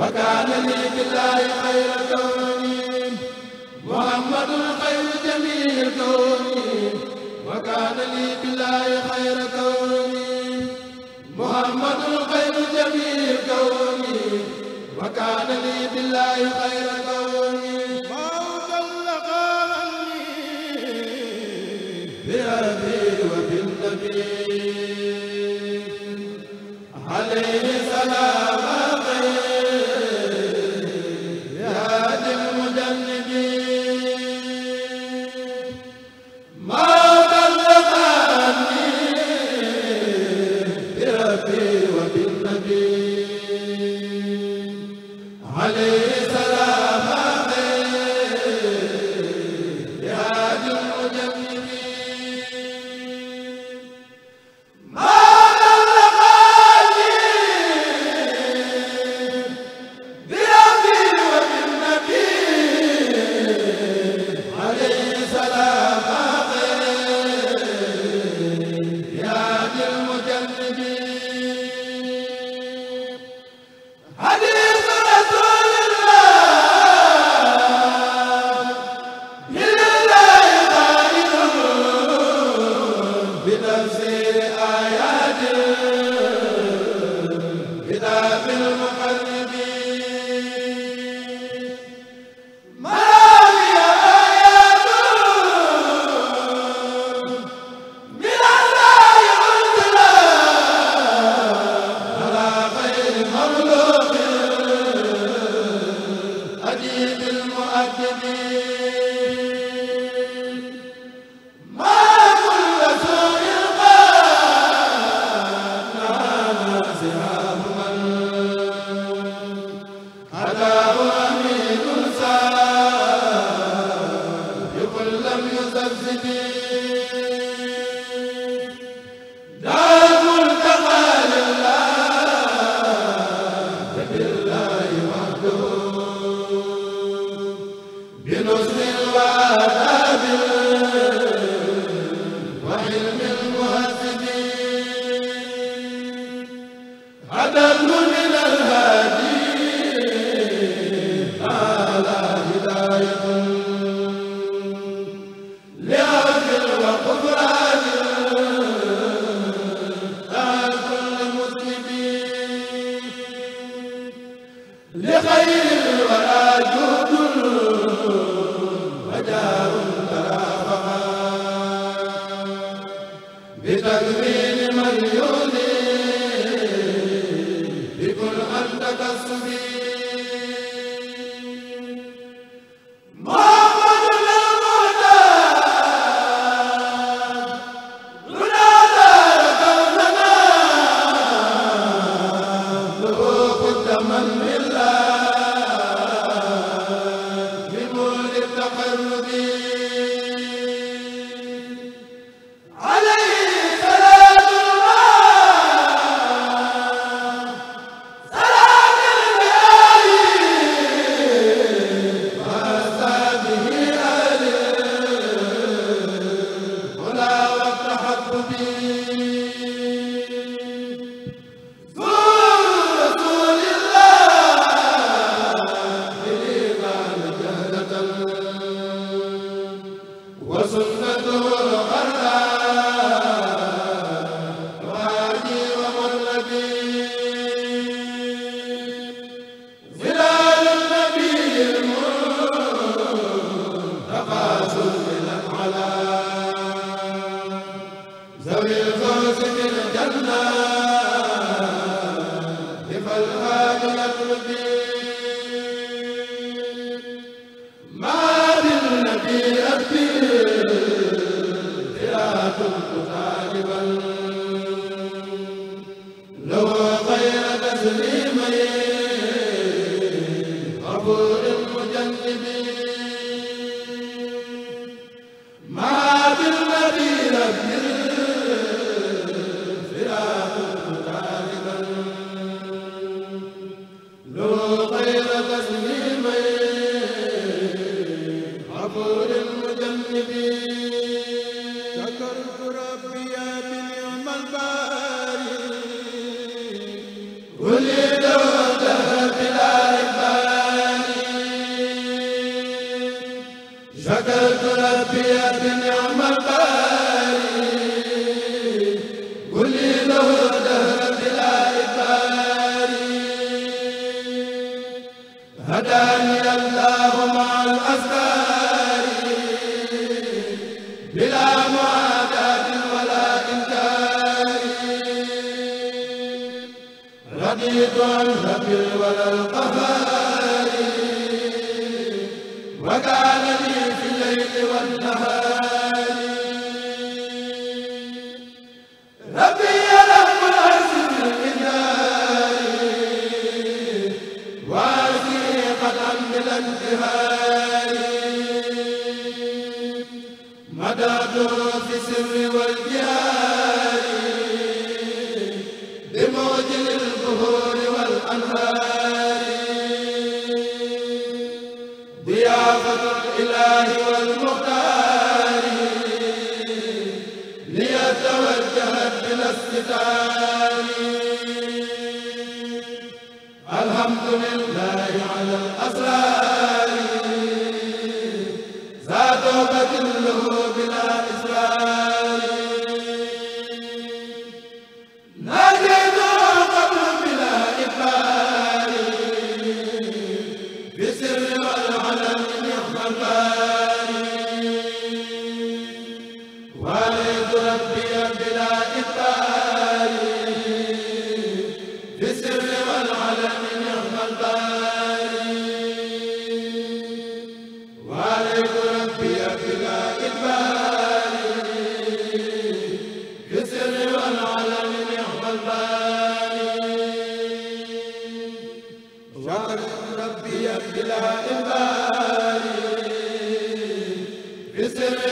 Speaker 7: وكان لي بالله خير الكون محمد خير جميع الكون وكان لي بالله خير كون
Speaker 8: محمد خير جميع الكون وكان لي بالله خير كون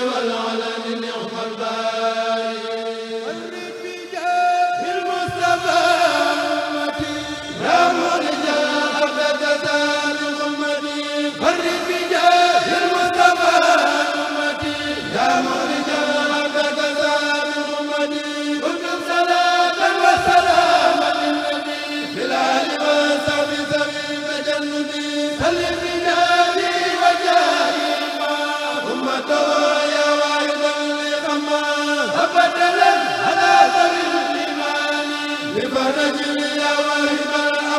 Speaker 8: والعلم نعم الباب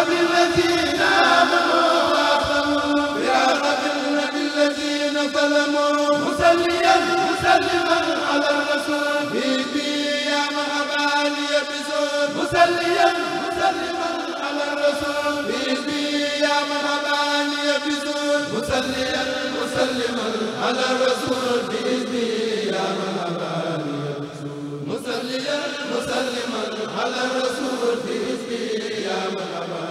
Speaker 8: الذي سلموا مسليا مسلما على الرسول بيبي يا مرحبا ليبسون مسليا مسلما على الرسول بيبي يا مرحبا ليبسون مسليا
Speaker 7: مسلما على الرسول بيبي
Speaker 8: يا مرحبا مسليا مسلما على الرسول
Speaker 7: بيبي يا مرحبا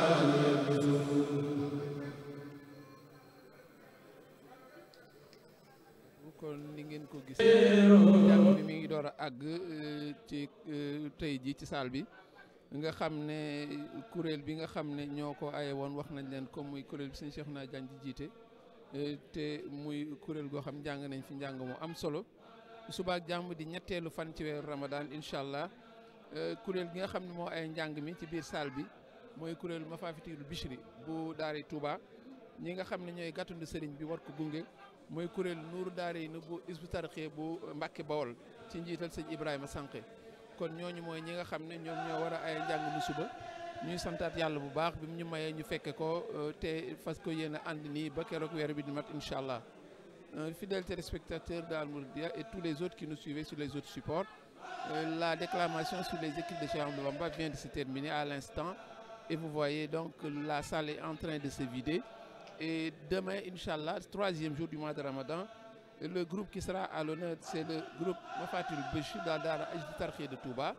Speaker 1: kon li ngeen ko gis jàng bi mi ngi door a àgg euh, ci euh, tey ji ci saal bi nga xam ne kuréel bi nga xam ne ñoo ko aye woon wax nañ leen comme muy kuréel bi sëñ Cheikhouna Diagne di jiite euh, te muy kuréel goo xam jàng nañ fi njàng mu am solo subaak jàmb di ñetteelu fan ci weeru ramadan incha allah kuréel gi nga xam ne moo ay njàng mi ci biir saal bi mooy kuréel Mafaatihul Bichri bu daari Touba ñi nga xam ne ñooy gàttandu sëriñ bi war ko gunge mooy kuréel nuuru daara yi bu Hizbut Tarqiyyah bu Mbàkke Bawol ci njiital sëñ Ibrahima Sànqe kon ñooñu mooy ñi nga xam ne ñoom ñoo war a ay njàng suba ñuy santaat yàlla bu baax bi mu ñu mayee ñu fekkee ko euh, te fas ko yéen a ànd nii ba keroog weer bi di mat incha allah euh, fidèles téléspectateurs de Al Mouridiyyah et tous les autres qui nous suivaient sur les autres supports euh, la déclamation sur les équipes de Cheikh Ahmadou Bamba vient de se terminer à l'instant et vous voyez donc la salle est en train de Et demain, Inch'Allah, troisième jour du mois de Ramadan, le groupe qui sera à l'honneur, c'est le groupe Mafatul Béchou d'Andara Ajditarché de Touba.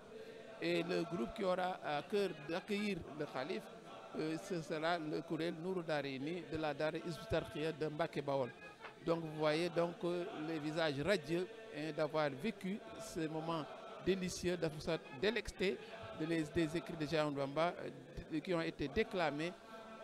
Speaker 1: Et le groupe qui aura à cœur d'accueillir le calife, euh, ce sera le courriel Nourou Darini de la Dara Ajditarché de Mbake Baol. Donc vous voyez donc euh, les visages radieux d'avoir vécu ce moment délicieux, d'être délexté de les, écrits de Jean Mbamba euh, qui ont été déclamés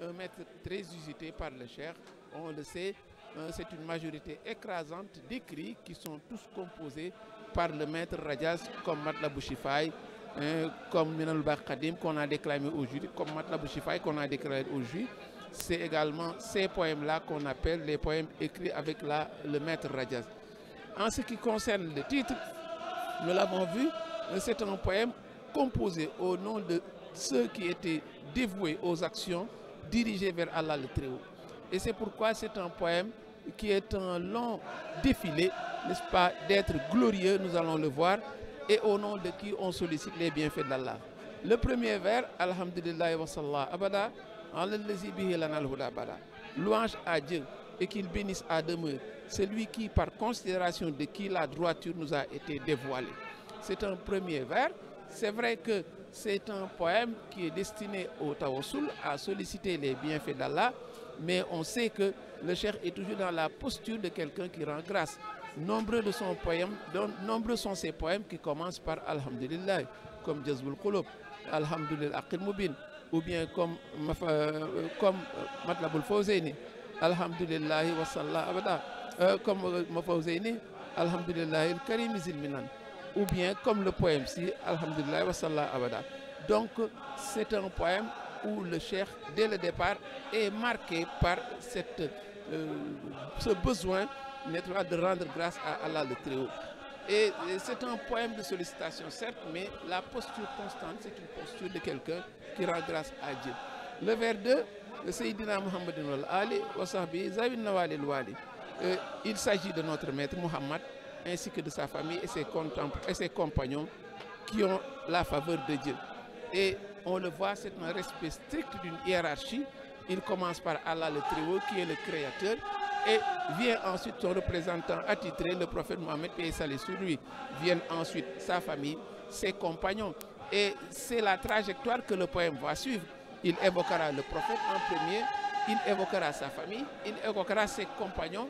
Speaker 1: un maître très usité par le cher. On le sait, c'est une majorité écrasante d'écrits qui sont tous composés par le maître Rajas comme Matla Bouchifay, hein, comme Minal Barkadim qu'on a déclamé au jury, comme Matla Bouchifay qu'on a déclaré au jury. C'est également ces poèmes-là qu'on appelle les poèmes écrits avec la, le maître Rajas. En ce qui concerne le titre, nous l'avons vu, c'est un poème composé au nom de ceux qui étaient dévoués aux actions dirigé vers Allah le Très-Haut. Et c'est pourquoi c'est un poème qui est un long défilé, n'est-ce pas, d'être glorieux, nous allons le voir, et au nom de qui on sollicite les bienfaits d'Allah. Le premier vers, Alhamdulillah wa sallallahu abada, louange à Dieu et qu'il bénisse à demeure, celui qui, par considération de qui la droiture nous a été dévoilée. C'est un premier vers. C'est vrai que C'est un poème qui est destiné au Tawassul à solliciter les bienfaits d'Allah, mais on sait que le cheikh est toujours dans la posture de quelqu'un qui rend grâce. Nombreux de son poème, donc, nombreux sont ses poèmes qui commencent par Alhamdulillah, comme Jazbul Qulub, Alhamdulillah Aqil Mubin, ou bien comme, euh, comme euh, Matlabul Fawzaini, Alhamdulillah wa Abada, euh, comme euh, Mafawzaini, Alhamdulillah al-Karim Minan. ou bien comme le poème si Alhamdulillah wa sallallahu abada. Donc c'est un poème où le cher, dès le départ, est marqué par cette, euh, ce besoin de rendre grâce à Allah le très Et, et c'est un poème de sollicitation, certes, mais la posture constante, c'est une posture de quelqu'un qui rend grâce à Dieu. Le vers 2, le Sayyidina Muhammadin wal Ali wa sahbihi zawin nawalil wali. Euh, il s'agit de notre maître Muhammad ainsi que de sa famille et ses, compagnons qui ont la faveur de Dieu. Et on le voit, c'est un respect strict d'une hiérarchie. Il commence par Allah le très qui est le Créateur, et vient ensuite son représentant attitré, le prophète Mohammed, et salé sur lui. Viennent ensuite sa famille, ses compagnons. Et c'est la trajectoire que le poème va suivre. Il évoquera le prophète en premier, il évoquera sa famille, il évoquera ses compagnons,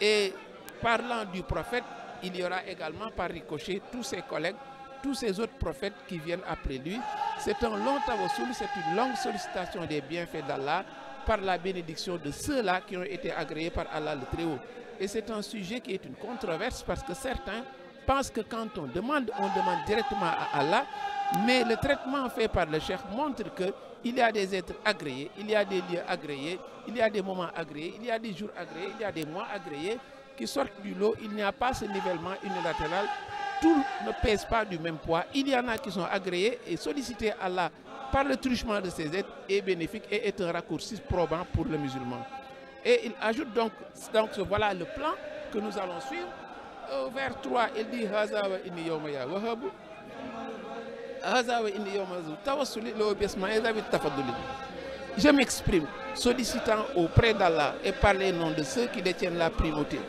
Speaker 1: et parlant du prophète, il y aura également par ricochet tous ses collègues, tous ses autres prophètes qui viennent après lui. C'est un long tawassul, c'est une longue sollicitation des bienfaits d'Allah par la bénédiction de ceux-là qui ont été agréés par Allah le Très-Haut. Et c'est un sujet qui est une controverse parce que certains pensent que quand on demande, on demande directement à Allah, mais le traitement fait par le chef montre que il y a des êtres agréés, il y a des lieux agréés, il y a des moments des mois agréés, qui sortent du lot, il n'y a pas ce nivellement unilatéral. Tout ne pèse pas du même poids. Il y en a qui sont agréés et sollicités à la par le truchement de ces aides est bénéfique et est un raccourci probant pour le musulman. Et il ajoute donc, donc voilà le plan que nous allons suivre. Au vers 3, il dit « Je m'exprime, sollicitant auprès d'Allah et par les noms de ceux qui détiennent la primauté.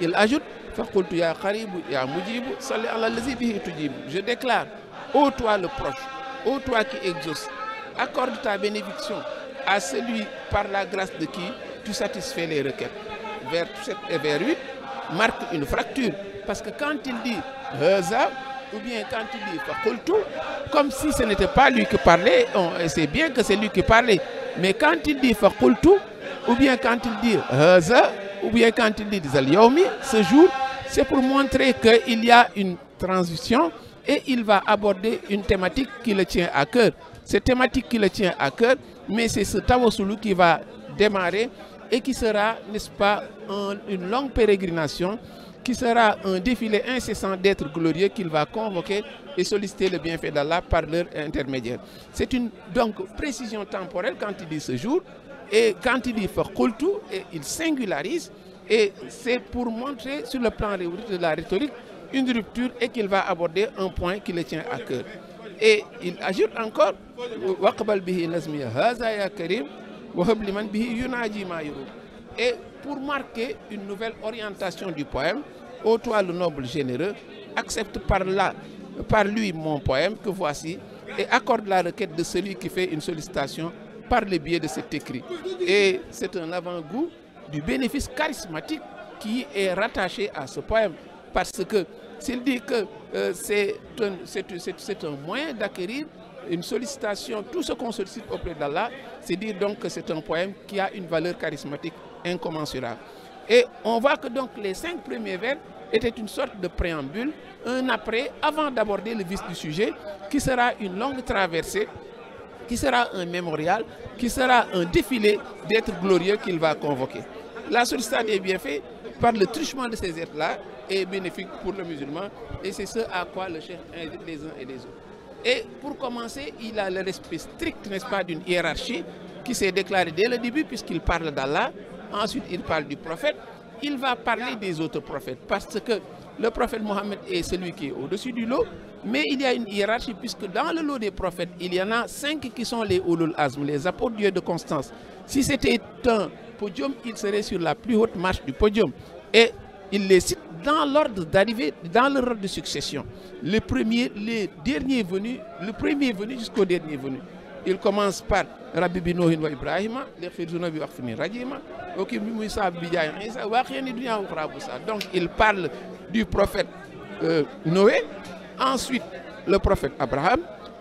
Speaker 1: Il ajoute, Fakultu ya Karibu ya Mujibu, Salli Allah bihi tujibu. Je déclare, ô toi le proche, ô toi qui exauce, accorde ta bénédiction à celui par la grâce de qui tu satisfais les requêtes. Vers 7 et vers 8 marque une fracture parce que quand il dit Haza, ou bien quand il dit Fakultu, comme si ce n'était pas lui qui parlait, on sait bien que Mais quand il dit faqultu, ou bien quand il dit haza, ou bien quand il dit zal yaumi, ce jour, c'est pour montrer qu'il y a une transition et il va aborder une thématique qui le tient à cœur. Cette thématique qui le tient à cœur, mais c'est ce Tawasulu qui va démarrer et qui sera, n'est-ce pas, un, une longue pérégrination qui sera un défilé incessant d'êtres glorieux qu'il va convoquer et solliciter le bienfait d'Allah par leur intermédiaire. C'est une donc précision temporelle quand il dit ce jour et quand il dit Fakultu, et il singularise et c'est pour montrer sur le plan de la rhétorique une rupture et qu'il va aborder un point qui le tient à cœur. Et il ajoute encore Waqbal bihi nazmi haza karim wa bihi yunaji ma yurub. Et pour marquer une nouvelle orientation du poème, ô toi le noble généreux, accepte par, la, par lui mon poème que voici et accorde la requête de celui qui fait une sollicitation par le biais de cet écrit. Et c'est un avant-goût du bénéfice charismatique qui est rattaché à ce poème. Parce que s'il dit que euh, c'est un, un moyen d'acquérir une sollicitation, tout ce qu'on sollicite auprès d'Allah, c'est dire donc que c'est un poème qui a une valeur charismatique incommensurable. Et on voit que donc les cinq premiers vers étaient une sorte de préambule, un après, avant d'aborder le vif du sujet, qui sera une longue traversée, qui sera un mémorial, qui sera un défilé d'êtres glorieux qu'il va convoquer. La source des bienfaits, par le truchement de ces êtres-là, est bénéfique pour le musulman, et c'est ce à quoi le chef invite les et les autres. pour commencer, il a le respect strict, n'est-ce pas, d'une hiérarchie qui s'est déclarée dès le début, puisqu'il parle d'Allah, Ensuite, il parle du prophète. Il va parler des autres prophètes parce que le prophète Mohammed est celui qui est au-dessus du lot. Mais il y a une hiérarchie puisque dans le lot des prophètes, il y en a cinq qui sont les Ulul Azm, les apôtres Dieu de Constance. Si c'était un podium, il serait sur la plus haute marche du podium. Et il les cite dans l'ordre d'arrivée, dans l'ordre de succession. Le premier, les derniers venus, le premier venu jusqu'au dernier venu. il commence par rabbi bi noohin wa ibrahima lexfir zunobi wax fi min rajima okim bi muy saab bi jaay isa waaqiyani dunya wa ukhra busa donc il parle du prophète euh, Noé ensuite le prophète Abraham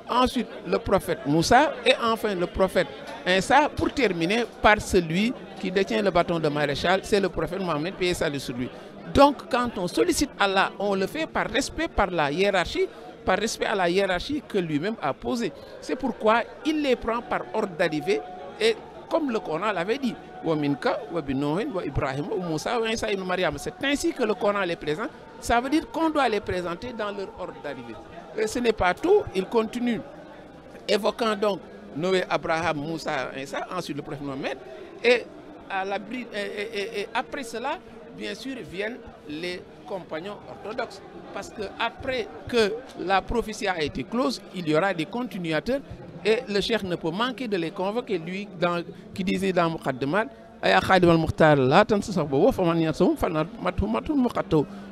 Speaker 1: ensuite le prophète Moussa et enfin le prophète Insa pour terminer par celui qui détient le bâton de maréchal c'est le prophète Mohammed paix salut sur lui donc quand on sollicite Allah on le fait par respect par la hiérarchie par respect à la hiérarchie que lui-même a posée. C'est pourquoi il les prend par ordre d'arrivée et comme le Coran l'avait dit, c'est ainsi que le Coran les présente. Ça veut dire qu'on doit les présenter dans leur ordre d'arrivée. Ce n'est pas tout, il continue évoquant donc Noé, Abraham, Moussa, Insa, ensuite le prophète Mohamed. Et, à après cela, bien sûr, viennent les compagnons orthodoxes. parce que après que la prophétie a été close, il y aura des continuateurs et le cheikh ne peut manquer de les convoquer. Lui, dans, qui disait dans Muqaddimat,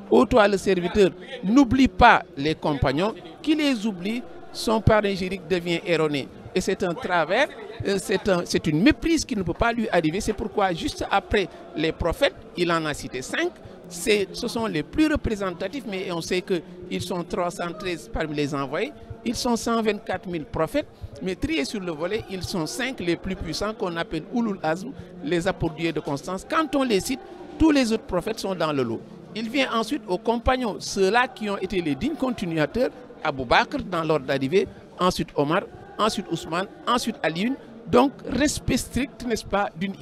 Speaker 1: Ô toi le serviteur, n'oublie pas les compagnons, qui les oublie, son panégyrique devient erroné. Et c'est un travers, euh, c'est un, une méprise qui ne peut pas lui arriver. C'est pourquoi juste après les prophètes, il en a cité cinq, ce sont les plus représentatifs, mais on sait qu'ils sont 313 parmi les envoyés, ils sont 124 000 prophètes, mais triés sur le volet, ils sont cinq les plus puissants qu'on appelle Ulul Azm, les apôtres de Constance. Quand on les cite, tous les autres prophètes sont dans le lot. Il vient ensuite aux compagnons, ceux-là qui ont été les dignes continuateurs, Abou Bakr dans l'ordre d'arrivée, ensuite Omar, ensuite Ousmane, ensuite Alioune. Donc, respect strict, n'est-ce pas, d'une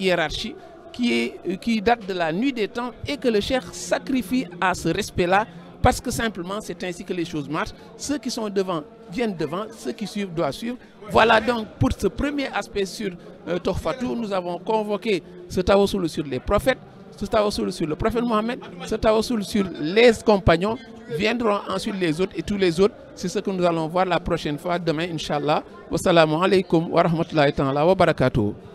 Speaker 1: qui, est, euh, qui date de la nuit des temps et que le cheikh sacrifie à ce respect-là parce que simplement c'est ainsi que les choses marchent. Ceux qui sont devant viennent devant, ceux qui suivent doivent suivre. Voilà donc pour ce premier aspect sur euh, Tohfatou, nous avons convoqué ce Tawassul sur les prophètes, ce Tawassul sur le prophète Mohammed, ce Tawassul sur les compagnons, viendront ensuite les autres et tous les autres. C'est ce que nous allons voir la prochaine fois, demain, Inch'Allah. Wassalamu alaikum wa rahmatullahi wa barakatuh.